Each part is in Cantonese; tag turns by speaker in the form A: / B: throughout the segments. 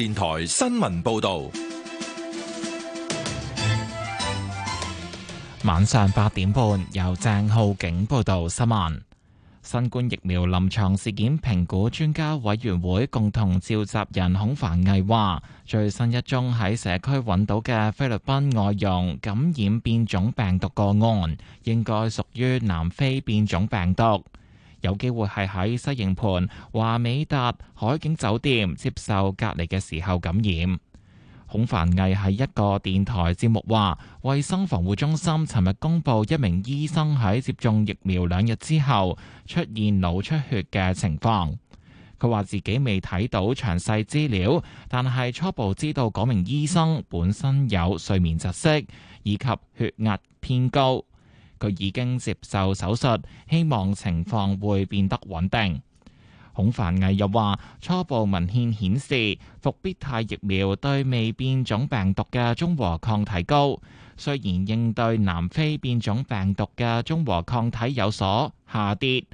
A: 電台新聞報
B: 道，晚上八點半由鄭浩景報道新聞。新冠疫苗臨床事件評估專家委員會共同召集人孔凡毅話，最新一宗喺社區揾到嘅菲律賓外傭感染變種病毒個案，應該屬於南非變種病毒。有機會係喺西營盤華美達海景酒店接受隔離嘅時候感染。孔凡毅喺一個電台節目話，衞生防護中心尋日公布一名醫生喺接種疫苗兩日之後出現腦出血嘅情況。佢話自己未睇到詳細資料，但係初步知道嗰名醫生本身有睡眠窒息以及血壓偏高。佢已經接受手術，希望情況會變得穩定。孔凡毅又話：初步文獻顯示，復必泰疫苗對未變種病毒嘅中和抗體高，雖然應對南非變種病毒嘅中和抗體有所下跌，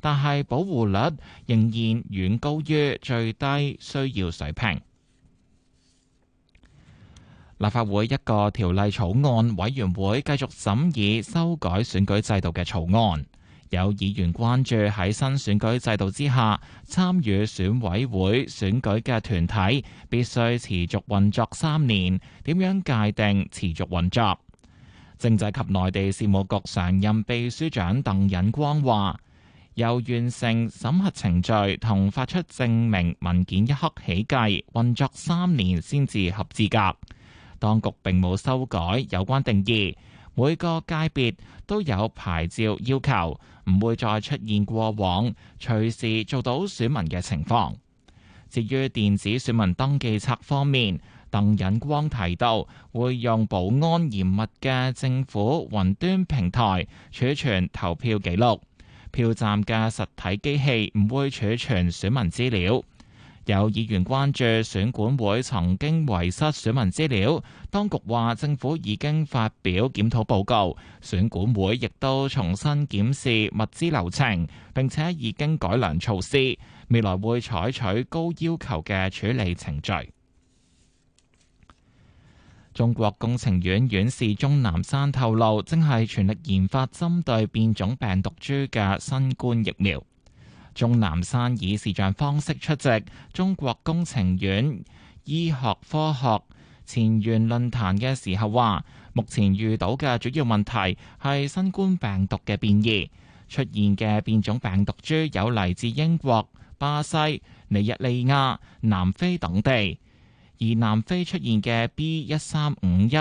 B: 但係保護率仍然遠高於最低需要水平。立法會一個條例草案委員會繼續審議修改選舉制度嘅草案。有議員關注喺新選舉制度之下，參與選委會選舉嘅團體必須持續運作三年。點樣界定持續運作？政制及內地事務局常任秘書長鄧忍光話：由完成審核程序同發出證明文件一刻起計，運作三年先至合資格。當局並冇修改有關定義，每個界別都有牌照要求，唔會再出現過往隨時做到選民嘅情況。至於電子選民登記冊方面，鄧引光提到會用保安嚴密嘅政府雲端平台儲存投票記錄，票站嘅實體機器唔會儲存選民資料。有議員關注選管會曾經遺失選民資料，當局話政府已經發表檢討報告，選管會亦都重新檢視物資流程，並且已經改良措施，未來會採取高要求嘅處理程序。中國工程院院士鍾南山透露，正係全力研發針對變種病毒株嘅新冠疫苗。鍾南山以視像方式出席中國工程院醫學科學前沿論壇嘅時候話，目前遇到嘅主要問題，係新冠病毒嘅變異出現嘅變種病毒株有嚟自英國、巴西、尼日利亞、南非等地，而南非出現嘅 B 一三五一。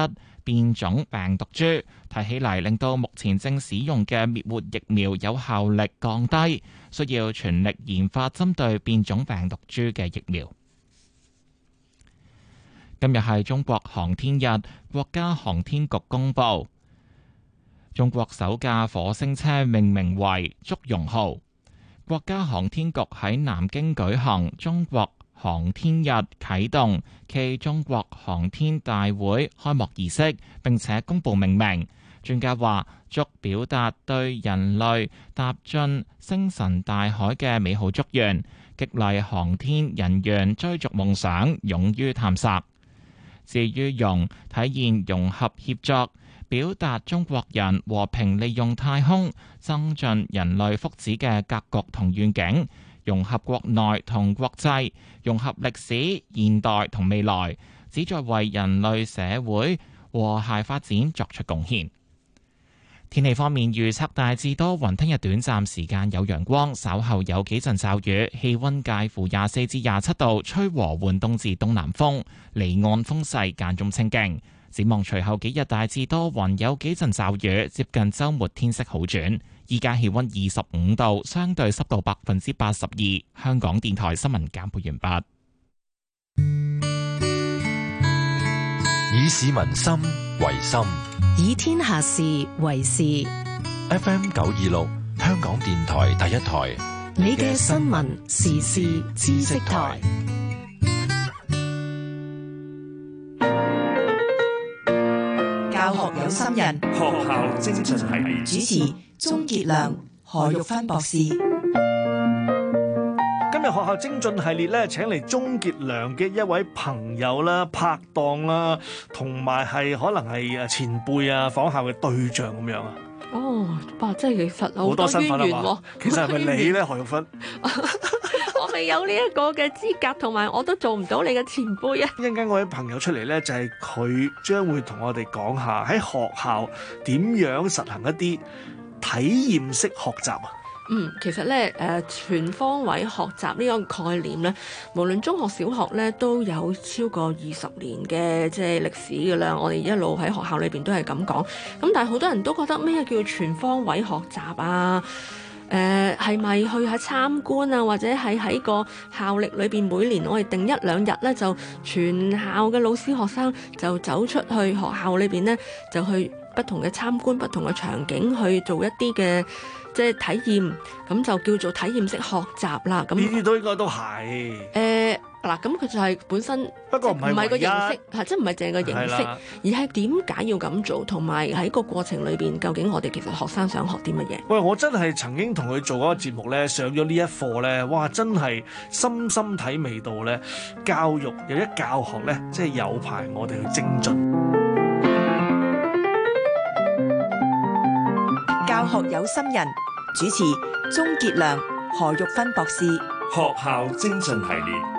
B: 變種病毒株，提起嚟令到目前正使用嘅滅活疫苗有效率降低，需要全力研發針對變種病毒株嘅疫苗。今日係中國航天日，國家航天局公布中國首架火星車命名為「祝融號」。國家航天局喺南京舉行中國航天日啟動暨中國航天大會開幕儀式，並且公布命名。專家話，祝表達對人類踏進星辰大海嘅美好祝願，激勵航天人員追逐夢想，勇於探索。至於融體現融合協作，表達中國人和平利用太空、增進人類福祉嘅格局同願景。融合國內同國際，融合歷史、現代同未來，旨在為人類社會和諧發展作出貢獻。天氣方面，預測大致多雲，聽日短暫時間有陽光，稍後有幾陣驟雨，氣溫介乎廿四至廿七度，吹和緩東至東南風，離岸風勢間中清勁。展望隨後幾日大致多雲，有幾陣驟雨，接近周末天色好轉。依家氣溫二十五度，相對濕度百分之八十二。香港電台新聞簡報完畢。以市民心為心，以天下事為事。FM 九二六，香港電台第一台，你嘅新聞時事知識台。
A: 三人學校精進系列主持鍾杰良、何玉芬博士。今日學校精進系列咧，請嚟鍾杰良嘅一位朋友啦、拍檔啦，同埋係可能係誒前輩啊、訪校嘅對象咁樣、哦、啊、
C: 啊。哦，哇！真係其實好多身份啊，其實係咪你咧，
A: 何玉芬？
C: 未有呢一個嘅資格，同埋我都做唔到你嘅前輩啊！一陣間我啲
A: 朋友出嚟呢，就係佢將會同我哋講下喺學校點樣實行一啲體驗式學習啊！
C: 嗯，其實呢，誒、呃，全方位學習呢個概念呢，無論中學、小學呢，都有超過二十年嘅即係歷史噶啦。我哋一路喺學校裏邊都係咁講，咁但係好多人都覺得咩叫全方位學習啊？誒，係咪去下參觀啊？或者係喺個校歷裏邊，每年我哋定一兩日咧，就全校嘅老師學生就走出去學校裏邊呢，就去不同嘅參觀、不同嘅場景去做一啲嘅即係體驗，咁就叫做體驗式學習啦。咁，呢啲
A: 都應該都係。
C: 誒、呃。嗱，咁佢就係本身，不過唔係個形式，係即係唔係淨係個形式，而係點解要咁做，同埋喺個過程裏邊，究竟我哋其實學生想學啲乜嘢？
A: 喂，我真係曾經同佢做嗰個節目咧，上咗呢一課咧，哇，真係深深體味到咧，教育有一教學咧，即係有排我哋去精進。教學有心人，主持鍾傑良、何玉芬博士，學校精進系列。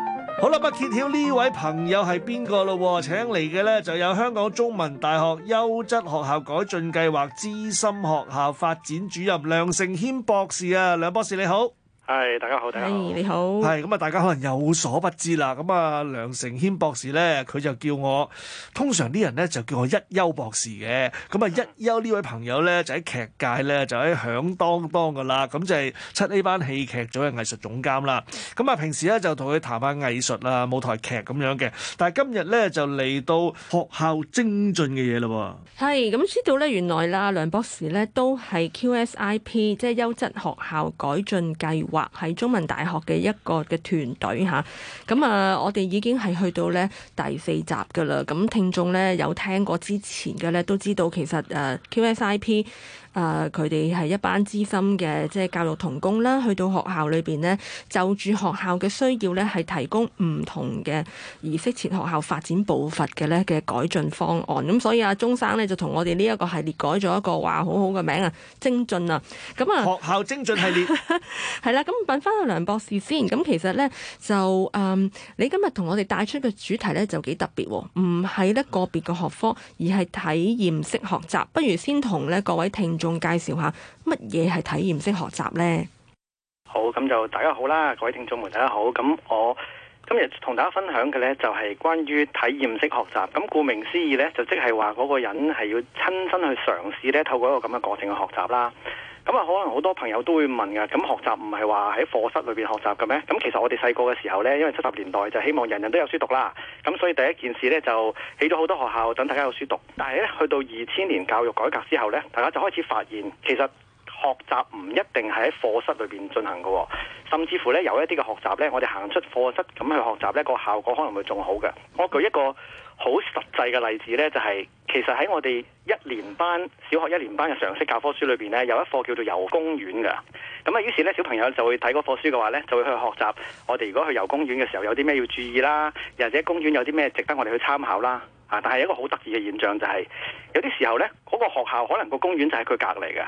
A: 好啦，不揭曉呢位朋友係邊個咯，請嚟嘅咧就有香港中文大學優質學校改進計劃資深學校發展主任梁承謙博士啊，梁博士你好。係，大家好，大家好，你好。係咁啊，大家可能有所不知啦。咁啊，梁承謙博士咧，佢就叫我通常啲人咧就叫我一休博士嘅。咁啊，一休呢位朋友咧就喺劇界咧就喺響當當噶啦。咁就係 7A 班戲劇組嘅藝術總監啦。咁啊，平時咧就同佢談下藝術啊、舞台劇咁樣嘅。但係今日咧就嚟到學校精進嘅嘢咯。
C: 係，咁知道咧，原來啦，梁博士咧都係 QSIP，即係優質學校改進計劃。喺中文大學嘅一個嘅團隊吓，咁啊，我哋已經係去到咧第四集噶啦，咁聽眾咧有聽過之前嘅，咧都知道其實誒 QSIP。啊誒佢哋係一班資深嘅即係教育同工啦，去到學校裏邊呢，就住學校嘅需要呢，係提供唔同嘅儀式前學校發展步伐嘅呢嘅改進方案。咁所以阿鐘生呢，就同我哋呢一個系列改咗一個話好好嘅名啊，精進啊，咁啊學校精進系列係啦。咁問翻阿梁博士先。咁其實呢，就誒、嗯，你今日同我哋帶出嘅主題呢，就幾特別，唔係咧個別嘅學科，而係體驗式學習。不如先同咧各位聽。仲介紹下乜嘢係體驗式學習呢？
D: 好，咁就大家好啦，各位聽眾們大家好。咁我今日同大家分享嘅呢，就係關於體驗式學習。咁顧名思義呢，就即係話嗰個人係要親身去嘗試呢，透過一個咁嘅過程去學習啦。咁啊，可能好多朋友都會問啊，咁學習唔係話喺課室裏邊學習嘅咩？咁其實我哋細個嘅時候咧，因為七十年代就希望人人都有書讀啦，咁所以第一件事咧就起咗好多學校，等大家有書讀。但係咧，去到二千年教育改革之後咧，大家就開始發現，其實學習唔一定係喺課室裏邊進行嘅哦，甚至乎咧有一啲嘅學習咧，我哋行出課室咁去學習咧，個效果可能會仲好嘅。我舉一個。好實際嘅例子呢，就係其實喺我哋一年班小學一年班嘅常識教科書裏邊呢，有一課叫做遊公園嘅。咁啊，於是呢，小朋友就會睇嗰課書嘅話呢，就會去學習我哋如果去遊公園嘅時候有啲咩要注意啦，又或者公園有啲咩值得我哋去參考啦。啊，但係一個好得意嘅現象就係有啲時候呢，嗰個學校可能個公園就喺佢隔離嘅，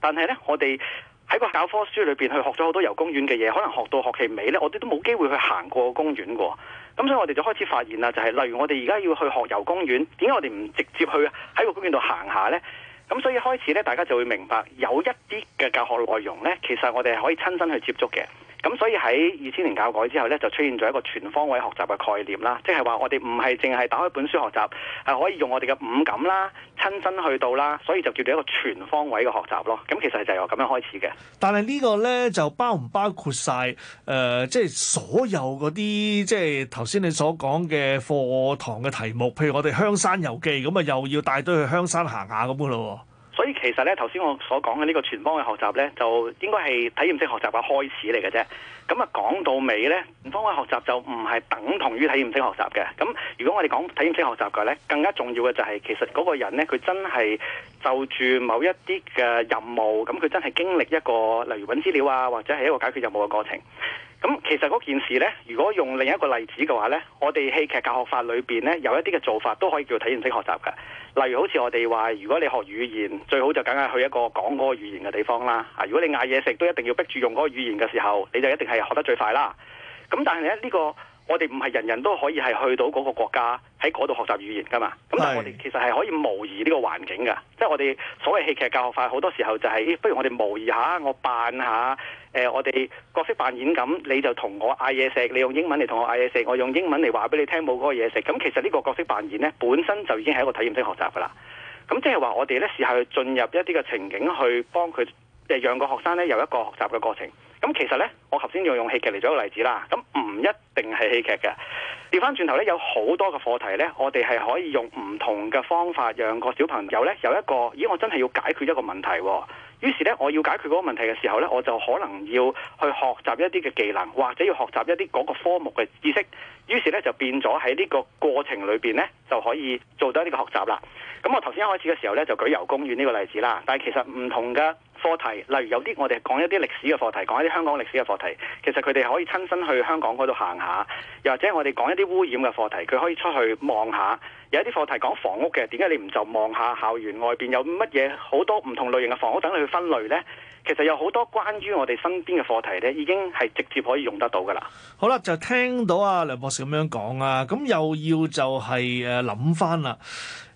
D: 但係呢，我哋。喺個教科書裏邊去學咗好多遊公園嘅嘢，可能學到學期尾呢，我哋都冇機會去行過個公園嘅。咁所以我哋就開始發現啦，就係例如我哋而家要去學遊公園，點解我哋唔直接去喺個公園度行下呢？咁所以開始呢，大家就會明白有一啲嘅教學內容呢，其實我哋係可以親身去接觸嘅。咁所以喺二千年教改之後咧，就出現咗一個全方位學習嘅概念啦，即係話我哋唔係淨係打開本書學習，係可以用我哋嘅五感啦，親身去到啦，所以就叫做一個全方位嘅學習咯。咁其實就係由咁樣開始嘅。
A: 但係呢個咧就包唔包括晒誒，即、呃、係、就係、所有嗰啲即係頭先你所講嘅課堂嘅題目，譬如我哋香山遊記咁啊，又要帶隊去香山行下咁咯。其實咧，頭先我
D: 所講嘅呢個全方位學習咧，就應該係體驗式學習嘅開始嚟嘅啫。咁啊，講到尾咧，全方位學習就唔係等同於體驗式學習嘅。咁如果我哋講體驗式學習嘅咧，更加重要嘅就係、是、其實嗰個人咧，佢真係就住某一啲嘅任務，咁佢真係經歷一個，例如搵資料啊，或者係一個解決任務嘅過程。咁、嗯、其實嗰件事呢，如果用另一個例子嘅話呢，我哋戲劇教學法裏邊呢，有一啲嘅做法都可以叫體驗式學習嘅，例如好似我哋話，如果你學語言，最好就梗係去一個講嗰個語言嘅地方啦。啊，如果你嗌嘢食都一定要逼住用嗰個語言嘅時候，你就一定係學得最快啦。咁、嗯、但係呢、呢個。我哋唔係人人都可以係去到嗰個國家喺嗰度學習語言㗎嘛，咁但係我哋其實係可以模擬呢個環境㗎，即係我哋所謂戲劇教學法好多時候就係，哎，不如我哋模擬下，我扮下，誒我哋角色扮演咁，你就同我嗌嘢食，你用英文嚟同我嗌嘢食，我用英文嚟話俾你聽冇嗰個嘢食，咁其實呢個角色扮演呢，本身就已經係一個體驗式學習㗎啦，咁即係話我哋呢試下去進入一啲嘅情景去幫佢，誒讓個學生呢有一個學習嘅過程。咁其實呢，我頭先又用戲劇嚟做一個例子啦。咁唔一定係戲劇嘅。調翻轉頭呢，有好多個課題呢，我哋係可以用唔同嘅方法，讓個小朋友呢有一個，咦，我真係要解決一個問題喎。於是呢，我要解決嗰個問題嘅時候呢，我就可能要去學習一啲嘅技能，或者要學習一啲嗰個科目嘅知識。於是呢，就變咗喺呢個過程裏邊呢，就可以做到呢個學習啦。咁我頭先一開始嘅時候呢，就舉遊公園呢個例子啦。但係其實唔同嘅課題，例如有啲我哋講一啲歷史嘅課題，講一啲香港歷史嘅課題，其實佢哋可以親身去香港嗰度行下；又或者我哋講一啲污染嘅課題，佢可以出去望下。有一啲課題講房屋嘅，點解你唔就望下校園外邊有乜嘢好多唔同類型嘅房屋等你去分類呢？其實有好多關於我哋身邊嘅課題呢，已經係直接可以用得到
A: 㗎喇。好喇，就聽到阿梁博士咁樣講啊，咁又要就係誒諗返喇。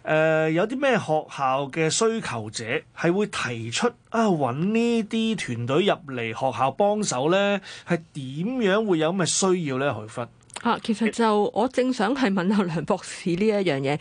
A: 誒、呃、有啲咩學校嘅需求者係會提出啊，揾呢啲團隊入嚟學校幫手咧，係點樣會有咁嘅需要咧？許勛。
C: 啊，其實就我正想係問下梁博士呢一樣嘢。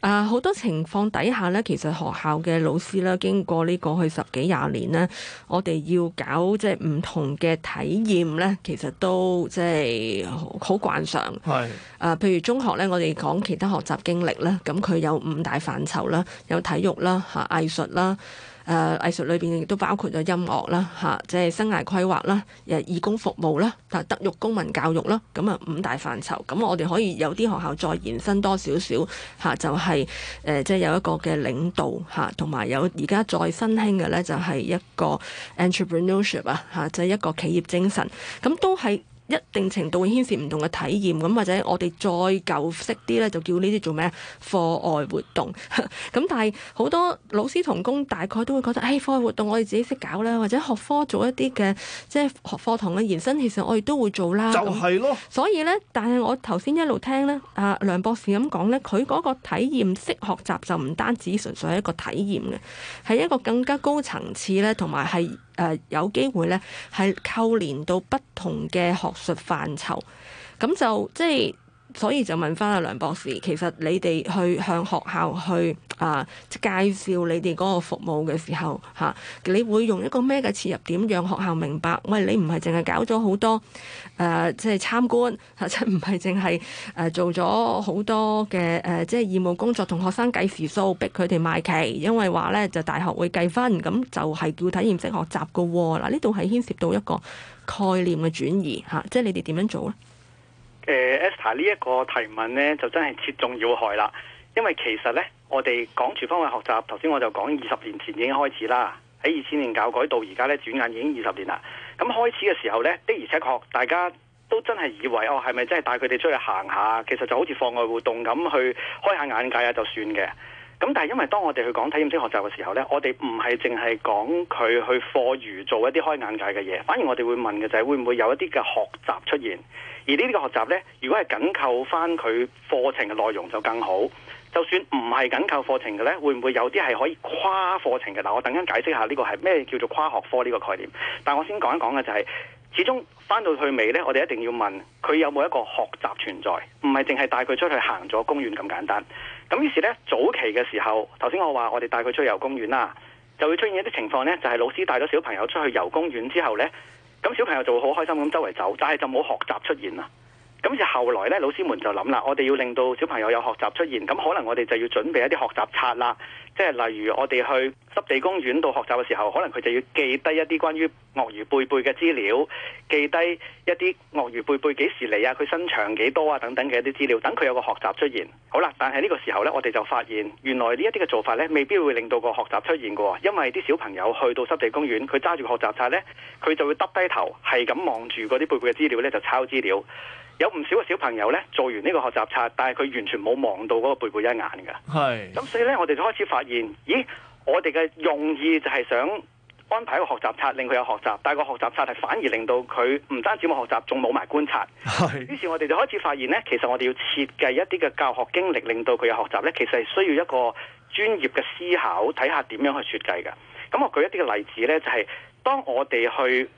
C: 啊，好多情況底下咧，其實學校嘅老師咧，經過呢個過去十幾廿年咧，我哋要搞即係唔同嘅體驗咧，其實都即係好好慣常。係是啊，譬如中學咧，我哋講其他學習經歷咧，咁佢有五大範疇啦，有體育啦、嚇、啊、藝術啦。誒、呃、藝術裏邊亦都包括咗音樂啦，嚇、啊，即、就、係、是、生涯規劃啦，誒、啊、義工服務啦，但、啊、德育公民教育啦，咁啊五大範疇。咁我哋可以有啲學校再延伸多少少嚇、啊，就係誒即係有一個嘅領導嚇，同、啊、埋有而家再新興嘅咧、啊，就係一個 entrepreneurship 啊嚇，就係一個企業精神，咁、啊、都係。一定程度會牽涉唔同嘅體驗，咁或者我哋再舊式啲咧，就叫呢啲做咩課外活動。咁 但係好多老師同工大概都會覺得，誒、哎、課外活動我哋自己識搞啦，或者學科做一啲嘅即係學課堂嘅延伸，其實我哋都會做啦。就係咯。所以咧，但係我頭先一路聽咧，阿梁博士咁講咧，佢嗰個體驗式學習就唔單止純粹係一個體驗嘅，係一個更加高層次咧，同埋係。誒有機會咧，係扣連到不同嘅學術範疇，咁就即係。所以就問翻阿梁博士，其實你哋去向學校去啊即介紹你哋嗰個服務嘅時候，嚇、啊，你會用一個咩嘅切入點，讓學校明白？喂，你唔係淨係搞咗好多誒、呃，即係參觀，即唔係淨係誒做咗好多嘅誒，即係、啊、義務工作同學生計時數，逼佢哋賣旗，因為話咧就大學會計分，咁就係叫體驗式學習㗎喎。嗱、啊，呢度係牽涉到一個概念嘅轉移嚇、啊，即係你哋點樣做咧？
D: 誒 Esther 呢一個提問呢，就真係切中要害啦。因為其實呢，我哋講廚方嘅學習，頭先我就講二十年前已經開始啦。喺二千年教改到而家呢，轉眼已經二十年啦。咁開始嘅時候咧，的而且確大家都真係以為哦，係咪真係帶佢哋出去行下？其實就好似課外活動咁，去開下眼界啊，就算嘅。咁但係因為當我哋去講體驗式學習嘅時候呢，我哋唔係淨係講佢去課餘做一啲開眼界嘅嘢，反而我哋會問嘅就係會唔會有一啲嘅學習出現？而呢啲嘅學習呢，如果係緊扣翻佢課程嘅內容就更好。就算唔係緊扣課程嘅呢，會唔會有啲係可以跨課程嘅？嗱、呃，我等間等陣解釋下呢個係咩叫做跨學科呢個概念。但我先講一講嘅就係、是，始終翻到去尾呢，我哋一定要問佢有冇一個學習存在，唔係淨係帶佢出去行咗公園咁簡單。咁於是咧，早期嘅時候，頭先我話我哋帶佢出去遊公園啦，就會出現一啲情況咧，就係老師帶咗小朋友出去遊公園之後咧，咁小朋友就會好開心咁周圍走，但係就冇學習出現啦。咁就後來咧，老師們就諗啦，我哋要令到小朋友有學習出現，咁可能我哋就要準備一啲學習冊啦。即係例如我哋去濕地公園度學習嘅時候，可能佢就要記低一啲關於鱷魚貝貝嘅資料，記低一啲鱷魚貝貝幾時嚟啊，佢身長幾多啊，等等嘅一啲資料，等佢有個學習出現。好啦，但係呢個時候咧，我哋就發現原來呢一啲嘅做法咧，未必會令到個學習出現嘅，因為啲小朋友去到濕地公園，佢揸住個學習冊咧，佢就會耷低頭，係咁望住嗰啲貝貝嘅資料咧，就抄資料。有唔少嘅小朋友呢，做完呢個學習冊，但係佢完全冇望到嗰個背背一眼
E: 嘅。係是，咁
D: 所以呢，我哋就開始發現，咦，我哋嘅用意就係想安排一個學習冊令佢有學習，但係個學習冊係反而令到佢唔單止冇學習，仲冇埋觀察。係是，於是我哋就開始發現呢，其實我哋要設計一啲嘅教學經歷，令到佢有學習呢，其實係需要一個專業嘅思考，睇下點樣去設計嘅。咁我舉一啲嘅例子呢，就係、是、當我哋去。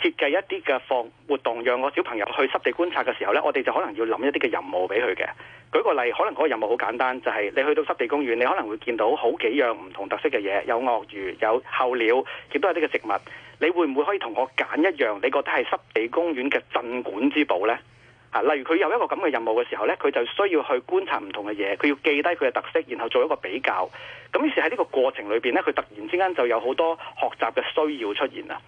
D: 設計一啲嘅放活動，讓我小朋友去濕地觀察嘅時候呢，我哋就可能要諗一啲嘅任務俾佢嘅。舉個例，可能嗰個任務好簡單，就係你去到濕地公園，你可能會見到好幾樣唔同特色嘅嘢，有鱷魚，有候鳥，亦都係啲嘅植物。你會唔會可以同我揀一樣你覺得係濕地公園嘅鎮館之寶呢？啊，例如佢有一個咁嘅任務嘅時候呢，佢就需要去觀察唔同嘅嘢，佢要記低佢嘅特色，然後做一個比較。咁於是喺呢個過程裏邊呢，佢突然之間就有好多學習嘅需要出現啦。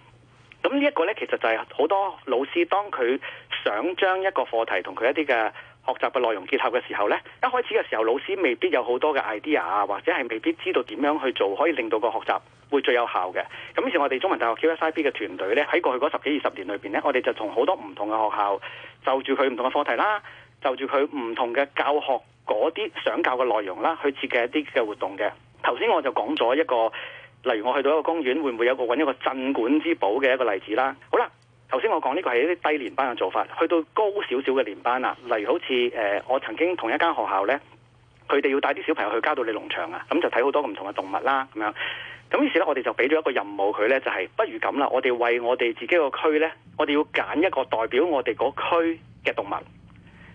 D: 咁呢一個呢，其實就係好多老師當佢想將一個課題同佢一啲嘅學習嘅內容結合嘅時候呢，一開始嘅時候老師未必有好多嘅 idea 啊，或者係未必知道點樣去做可以令到個學習會最有效嘅。咁以前我哋中文大學 QSIP 嘅團隊呢，喺過去嗰十幾二十年裏邊呢，我哋就從好多唔同嘅學校就住佢唔同嘅課題啦，就住佢唔同嘅教學嗰啲想教嘅內容啦，去設計一啲嘅活動嘅。頭先我就講咗一個。例如我去到一個公園，會唔會有個揾一個鎮館之寶嘅一個例子啦？好啦，頭先我講呢個係一啲低年班嘅做法，去到高少少嘅年班啦。例如好似誒、呃，我曾經同一間學校呢，佢哋要帶啲小朋友去嘉道理農場啊，咁就睇好多唔同嘅動物啦，咁樣。咁於是呢，我哋就俾咗一個任務佢呢就係、是、不如咁啦，我哋為我哋自己個區呢，我哋要揀一個代表我哋嗰區嘅動物。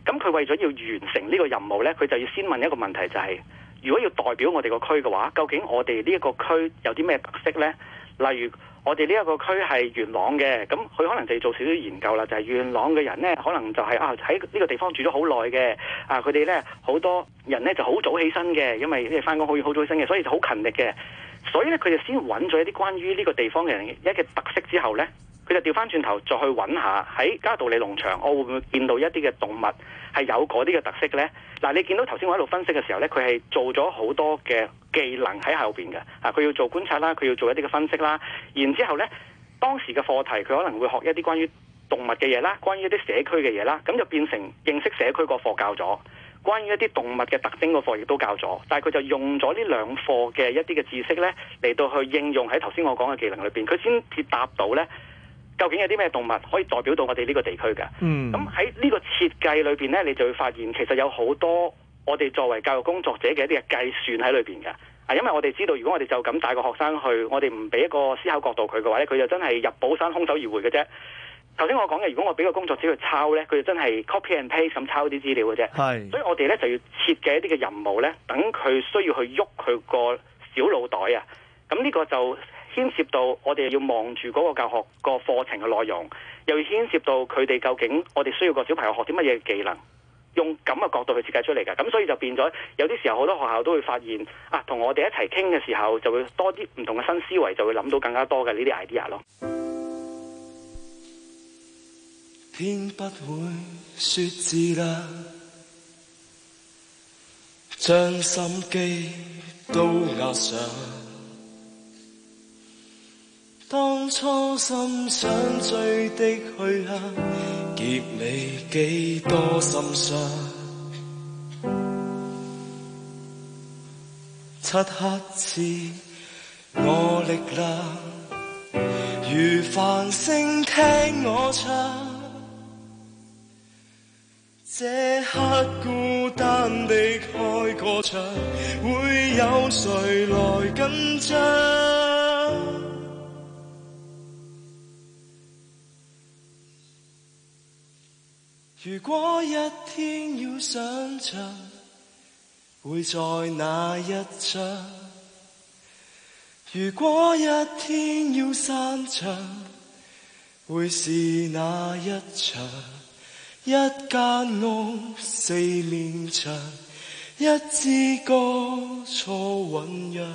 D: 咁佢為咗要完成呢個任務呢，佢就要先問一個問題、就是，就係。如果要代表我哋個區嘅話，究竟我哋呢一個區有啲咩特色呢？例如我哋呢一個區係元朗嘅，咁佢可能就要做少少研究啦。就係、是、元朗嘅人呢，可能就係、是、啊喺呢個地方住咗好耐嘅，啊佢哋呢，好多人呢就好早起身嘅，因為即係翻工好早好早起身嘅，所以就好勤力嘅。所以呢，佢哋先揾咗一啲關於呢個地方嘅人一嘅特色之後呢。佢就調翻轉頭，再去揾下喺嘉道理農場，我會唔會見到一啲嘅動物係有嗰啲嘅特色呢？嗱，你見到頭先我喺度分析嘅時候呢，佢係做咗好多嘅技能喺後邊嘅啊！佢要做觀察啦，佢要做一啲嘅分析啦，然之後呢，當時嘅課題佢可能會學一啲關於動物嘅嘢啦，關於一啲社區嘅嘢啦，咁就變成認識社區個課教咗，關於一啲動物嘅特徵個課亦都教咗，但係佢就用咗呢兩課嘅一啲嘅知識呢，嚟到去應用喺頭先我講嘅技能裏邊，佢先至答到呢。究竟有啲咩動物可以代表到我哋呢個地區嘅？咁喺呢個設計裏邊呢，你就會發現其實有好多我哋作為教育工作者嘅一啲嘅計算喺裏邊嘅。啊，因為我哋知道，如果我哋就咁帶個學生去，我哋唔俾一個思考角度佢嘅話呢，佢就真係入寶山空手而回嘅啫。頭先我講嘅，如果我俾個工作紙去抄呢，佢就真係 copy and paste 咁抄啲資料嘅啫。是所以我哋呢就要設計一啲嘅任務呢，等佢需要去喐佢個小腦袋啊。咁呢個就。牽涉到我哋要望住嗰個教學個課程嘅內容，又要牽涉到佢哋究竟，我哋需要個小朋友學啲乜嘢技能，用咁嘅角度去設計出嚟嘅，咁所以就變咗，有啲時候好多學校都會發現啊，同我哋一齊傾嘅時候，就會多啲唔同嘅新思維，就會諗到更加多
B: 嘅呢啲 idea 咯。
E: 天不會當初心想追的去向，結你幾多心傷。漆黑賜我力量，如繁星聽我唱。這刻孤單地開個唱，會有誰來緊張？如果一天要上場，會在哪一場？如果一天要散場，會是哪一場？一間屋四面牆，一支歌錯醞釀，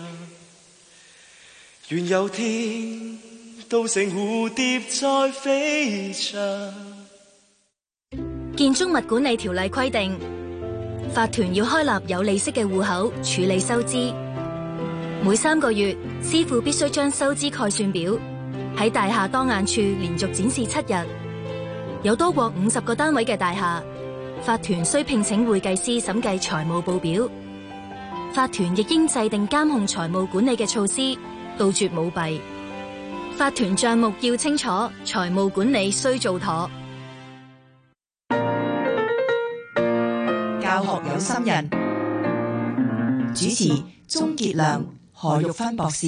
E: 願有天
A: 都成蝴蝶再飛翔。《建築物管理條例》規定，法團要開立有利息嘅戶口
D: 處理收支，每三個月，師傅必須將收支概算表喺大廈當眼處連續展示七日。有多過五十個單位嘅大廈，法團需聘請會計師審計財務報表。法團亦應制定監控財務管理嘅措施，杜絕舞弊。法團賬目要清楚，財務管理需做妥。
A: 教學有心人，主持鍾傑良、何玉芬博士，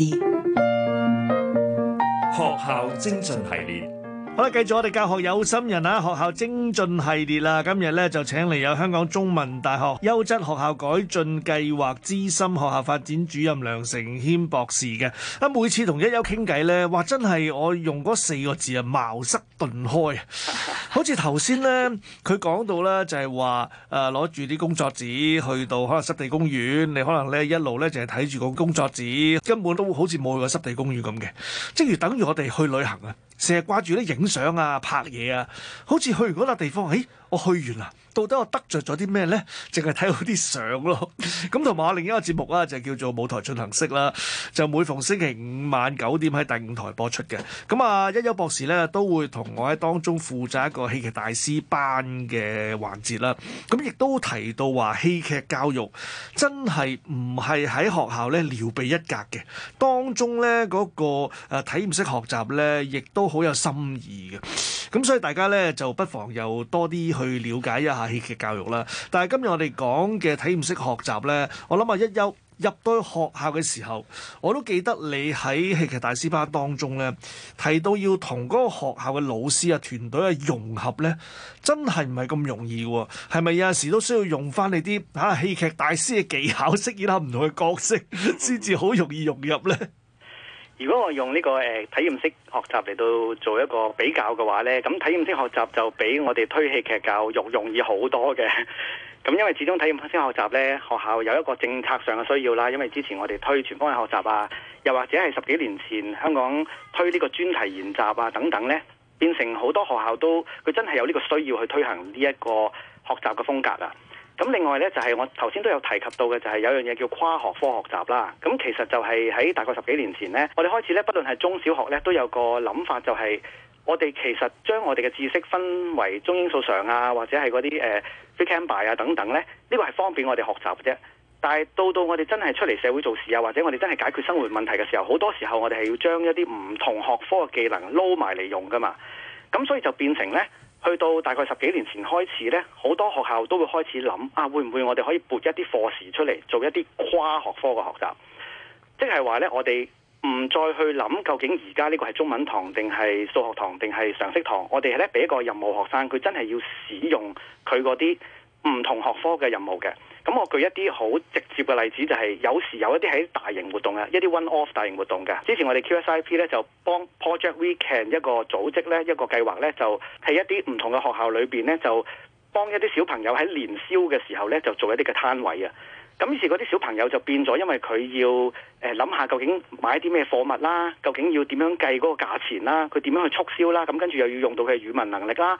A: 學校精進系列。好啦，繼續我哋教學有心人啊，學校精進系列啦，今日咧就請嚟有香港中文大學優質學校改進計劃資深學校發展主任梁承謙博士嘅。啊，每次同一休傾偈咧，哇，真係我用嗰四個字啊，茅塞頓開啊！好似頭先咧，佢講到咧就係話，誒、呃，攞住啲工作紙去到可能濕地公園，你可能咧一路咧就係睇住個工作紙，根本都好似冇去過濕地公園咁嘅，即係等於我哋去旅行啊！成日掛住咧影相啊、拍嘢啊，好似去完笪地方，誒。我去完啦，到底我得着咗啲咩呢？淨係睇到啲相咯。咁同埋我另一個節目啦，就是、叫做舞台進行式啦，就每逢星期五晚九點喺第五台播出嘅。咁啊，一休博士呢，都會同我喺當中負責一個戲劇大師班嘅環節啦。咁亦都提到話戲劇教育真係唔係喺學校呢聊備一格嘅，當中呢，嗰、那個誒體驗式學習呢，亦都好有心意嘅。咁、嗯、所以大家咧就不妨又多啲去了解一下戲劇教育啦。但係今日我哋講嘅體驗式學習咧，我諗啊，一休入到學校嘅時候，我都記得你喺戲劇大師班當中咧提到要同嗰個學校嘅老師啊團隊啊融合咧，真係唔係咁容易喎、啊。係咪有陣時都需要用翻你啲吓戲劇大師嘅技巧，飾演下唔同嘅角色，先至好容易融入咧？
D: 如果我用呢個誒體驗式學習嚟到做一個比較嘅話呢，咁體驗式學習就比我哋推戲劇教育容易好多嘅。咁 因為始終體驗式學習呢，學校有一個政策上嘅需要啦。因為之前我哋推全方位學習啊，又或者係十幾年前香港推呢個專題研習啊等等呢，變成好多學校都，佢真係有呢個需要去推行呢一個學習嘅風格啊。咁另外呢，就係、是、我頭先都有提及到嘅，就係、是、有樣嘢叫跨學科學習啦。咁其實就係喺大概十幾年前呢，我哋開始呢，不論係中小學呢，都有個諗法、就是，就係我哋其實將我哋嘅知識分為中英數常啊，或者係嗰啲誒 phy chem bio 啊等等呢，呢、這個係方便我哋學習嘅啫。但係到到我哋真係出嚟社會做事啊，或者我哋真係解決生活問題嘅時候，好多時候我哋係要將一啲唔同學科嘅技能撈埋嚟用㗎嘛。咁所以就變成呢。去到大概十幾年前開始呢，好多學校都會開始諗啊，會唔會我哋可以撥一啲課時出嚟做一啲跨學科嘅學習？即係話呢，我哋唔再去諗究竟而家呢個係中文堂定係數學堂定係常識堂，我哋係呢，俾一個任務學生，佢真係要使用佢嗰啲唔同學科嘅任務嘅。咁我舉一啲好直接嘅例子，就係有時有一啲喺大型活動啊，一啲 one off 大型活動嘅。之前我哋 QSIP 咧就幫 Project Weekend 一個組織咧一個計劃咧，就喺一啲唔同嘅學校裏邊咧，就幫一啲小朋友喺年宵嘅時候咧，就做一啲嘅攤位啊。咁於是嗰啲小朋友就變咗，因為佢要誒諗下究竟買啲咩貨物啦，究竟要點樣計嗰個價錢啦，佢點樣去促銷啦，咁跟住又要用到佢嘅語文能力啦。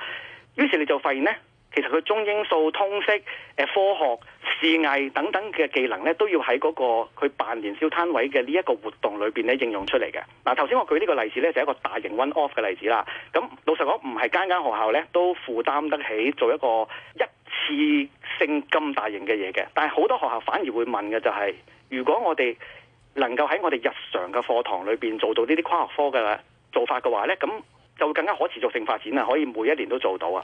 D: 於是你就發現咧。其實佢中英數通識、誒科學、視藝等等嘅技能咧，都要喺嗰個佢辦年宵攤位嘅呢一個活動裏邊咧應用出嚟嘅。嗱、啊，頭先我舉呢個例子咧，就係一個大型 one off 嘅例子啦。咁老實講，唔係間間學校咧都負擔得起做一個一次性咁大型嘅嘢嘅。但係好多學校反而會問嘅就係、是，如果我哋能夠喺我哋日常嘅課堂裏邊做到呢啲跨學科嘅做法嘅話咧，咁。就會更加可持續性發展啦，可以每一年都做到啊！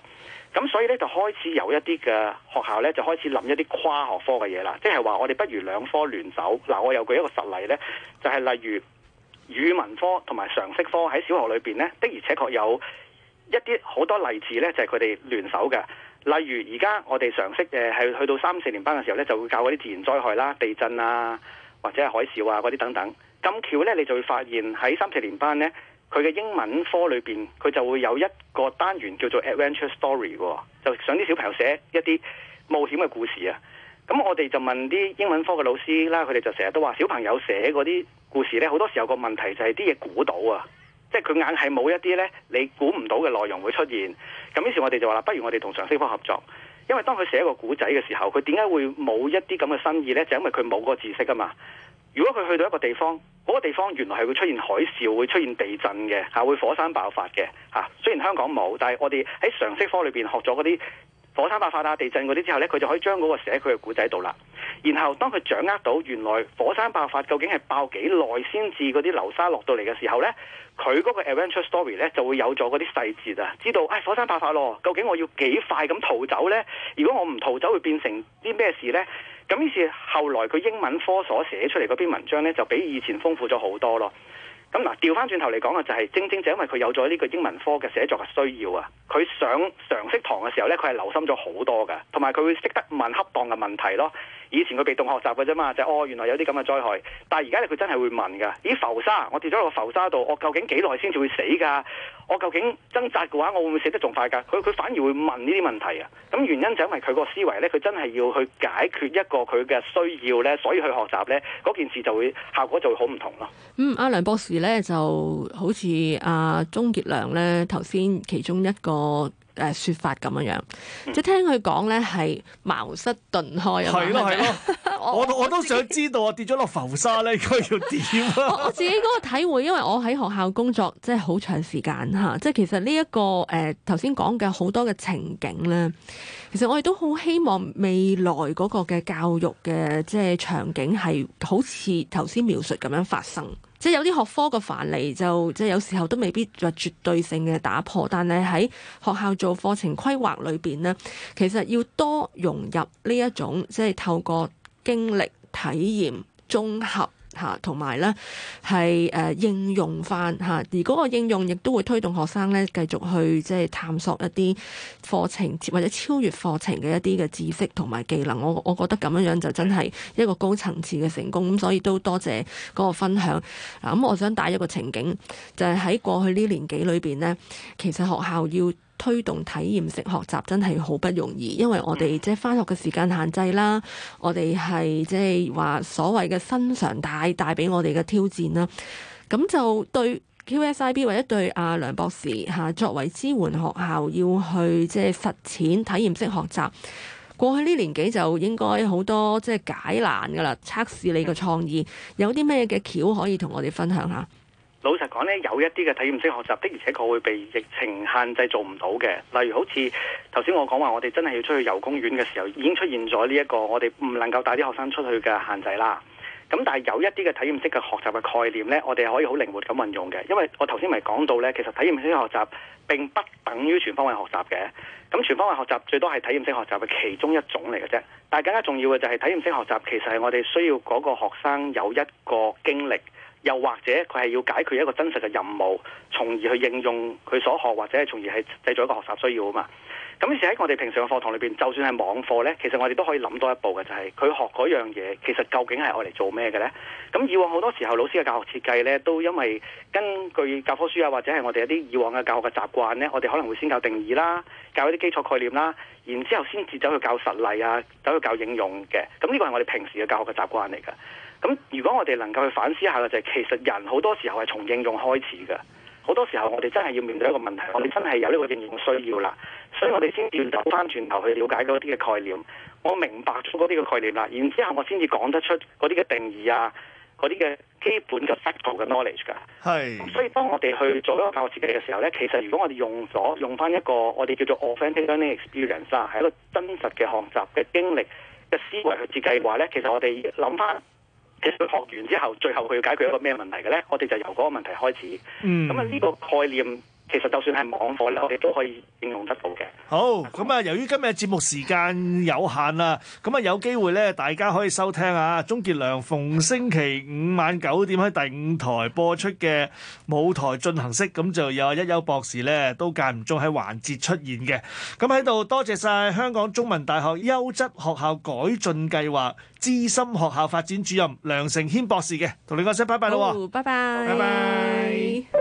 D: 咁所以呢，就開始有一啲嘅學校呢，就開始諗一啲跨學科嘅嘢啦，即係話我哋不如兩科聯手。嗱，我有個一個實例呢，就係、是、例如語文科同埋常識科喺小學裏邊呢，的而且確有一啲好多例子呢，就係佢哋聯手嘅。例如而家我哋常識嘅係、呃、去到三四年班嘅時候呢，就會教嗰啲自然災害啦、地震啊，或者係海嘯啊嗰啲等等。咁巧呢，你就會發現喺三四年班呢。佢嘅英文科裏邊，佢就會有一個單元叫做 Adventure Story，就想啲小朋友寫一啲冒險嘅故事啊。咁我哋就問啲英文科嘅老師啦，佢哋就成日都話小朋友寫嗰啲故事呢，好多時候個問題就係啲嘢估到啊，即係佢硬係冇一啲呢你估唔到嘅內容會出現。咁於是，我哋就話啦，不如我哋同常識科合作，因為當佢寫一個故仔嘅時候，佢點解會冇一啲咁嘅新意呢？就因為佢冇個知識啊嘛。如果佢去到一個地方，嗰個地方原來係會出現海嘯、會出現地震嘅嚇，會火山爆發嘅嚇。雖然香港冇，但係我哋喺常識科裏邊學咗嗰啲火山爆發啊、地震嗰啲之後呢，佢就可以將嗰個寫喺佢嘅故仔度啦。然後當佢掌握到原來火山爆發究竟係爆幾耐先至嗰啲流沙落到嚟嘅時候呢，佢嗰個 adventure story 咧就會有咗嗰啲細節啊，知道唉，火山爆發咯，究竟我要幾快咁逃走呢？如果我唔逃走，會變成啲咩事呢？咁於是後來佢英文科所寫出嚟嗰篇文章咧，就比以前豐富咗好多咯。咁、嗯、嗱，調翻轉頭嚟講啊、就是，就係正正就因為佢有咗呢個英文科嘅寫作嘅需要啊，佢上常識堂嘅時候咧，佢係留心咗好多㗎，同埋佢會識得問恰當嘅問題咯。以前佢被動學習嘅啫嘛，就哦原來有啲咁嘅災害，但係而家咧佢真係會問噶，咦浮沙，我跌咗落個浮沙度，我究竟幾耐先至會死噶？我究竟掙扎嘅話，我會唔會死得仲快噶？佢佢反而會問呢啲問題啊！咁原因就因為佢個思維咧，佢真係要去解決一個佢嘅需要咧，所以去學習咧，嗰件事就會效果就會好唔同咯。
C: 嗯，阿梁博士咧就好似阿鍾杰良咧，頭先其中一個。誒説、呃、法咁樣樣，即係聽佢講咧係茅塞頓開咁樣。係咯係咯，
A: 我我，我都想知道我跌咗落浮沙咧，佢要點啊 我？我自己
C: 嗰個體會，因為我喺學校工作即係好長時間嚇，即係其實呢、這、一個誒頭先講嘅好多嘅情景咧，其實我亦都好希望未來嗰個嘅教育嘅即係場景係好似頭先描述咁樣發生。即係有啲學科嘅藩籬，就即係有時候都未必就係絕對性嘅打破，但係喺學校做課程規劃裏邊咧，其實要多融入呢一種，即係透過經歷體驗綜合。嚇，同埋咧係誒應用翻嚇，而嗰個應用亦都會推動學生咧繼續去即係探索一啲課程，或者超越課程嘅一啲嘅知識同埋技能。我我覺得咁樣樣就真係一個高層次嘅成功。咁所以都多謝嗰個分享。嗱、啊，咁、嗯、我想帶一個情景就係、是、喺過去呢年紀裏邊咧，其實學校要推動體驗式學習真係好不容易，因為我哋即係返學嘅時間限制啦，我哋係即係話所謂嘅新常態帶俾我哋嘅挑戰啦。咁就對 QSIB 或者對阿梁博士吓，作為支援學校要去即係實踐體驗式學習，過去呢年幾就應該好多即係解難噶啦，測試你嘅創意，有啲咩嘅橋可以同我哋分享下？
D: 老實講呢，有一啲嘅體驗式學習的，而且確會被疫情限制做唔到嘅。例如好似頭先我講話，我哋真係要出去遊公園嘅時候，已經出現咗呢一個我哋唔能夠帶啲學生出去嘅限制啦。咁但係有一啲嘅體驗式嘅學習嘅概念呢，我哋可以好靈活咁運用嘅。因為我頭先咪講到呢，其實體驗式學習並不等於全方位學習嘅。咁全方位學習最多係體驗式學習嘅其中一種嚟嘅啫。但係更加重要嘅就係體驗式學習，其實係我哋需要嗰個學生有一個經歷。又或者佢係要解決一個真實嘅任務，從而去應用佢所學，或者從而係製造一個學習需要啊嘛。咁而且喺我哋平常嘅課堂裏邊，就算係網課呢，其實我哋都可以諗多一步嘅，就係佢學嗰樣嘢，其實究竟係愛嚟做咩嘅呢？咁以往好多時候老師嘅教學設計呢，都因為根據教科書啊，或者係我哋一啲以往嘅教學嘅習慣呢，我哋可能會先教定義啦，教一啲基礎概念啦，然之後先至走去教實例啊，走去教應用嘅。咁呢個係我哋平時嘅教學嘅習慣嚟嘅。咁如果我哋能夠去反思一下嘅就係、是、其實人好多時候係從應用開始嘅，好多時候我哋真係要面對一個問題，我哋真係有呢個應用需要啦，所以我哋先調頭翻轉頭去了解嗰啲嘅概念，我明白咗嗰啲嘅概念啦，然之後我先至講得出嗰啲嘅定義啊，嗰啲嘅基本嘅 structure 嘅 knowledge 㗎，
E: 係，所
D: 以當我哋去做一個教學設計嘅時候呢，其實如果我哋用咗用翻一個我哋叫做 authentic learning，experience 係一個真實嘅學習嘅經歷嘅思維去設計嘅話呢，其實我哋諗翻。學完之後，最後佢要解決一個咩問題嘅咧？我哋就由嗰個問題開始。嗯，咁啊，呢個概念。其實就算
A: 係網課咧，我哋都可以應用得到嘅。好，咁啊，由於今日節目時間有限啦，咁啊有機會咧，大家可以收聽下。鍾傑良逢星期五晚九點喺第五台播出嘅舞台進行式，咁就有啊一休博士咧都間唔中喺環節出現嘅。咁喺度多謝晒香港中文大學優質學校改進計劃資深學校發展主任梁承謙博士嘅，同你講聲拜拜啦喎，
C: 拜拜，拜拜。拜拜。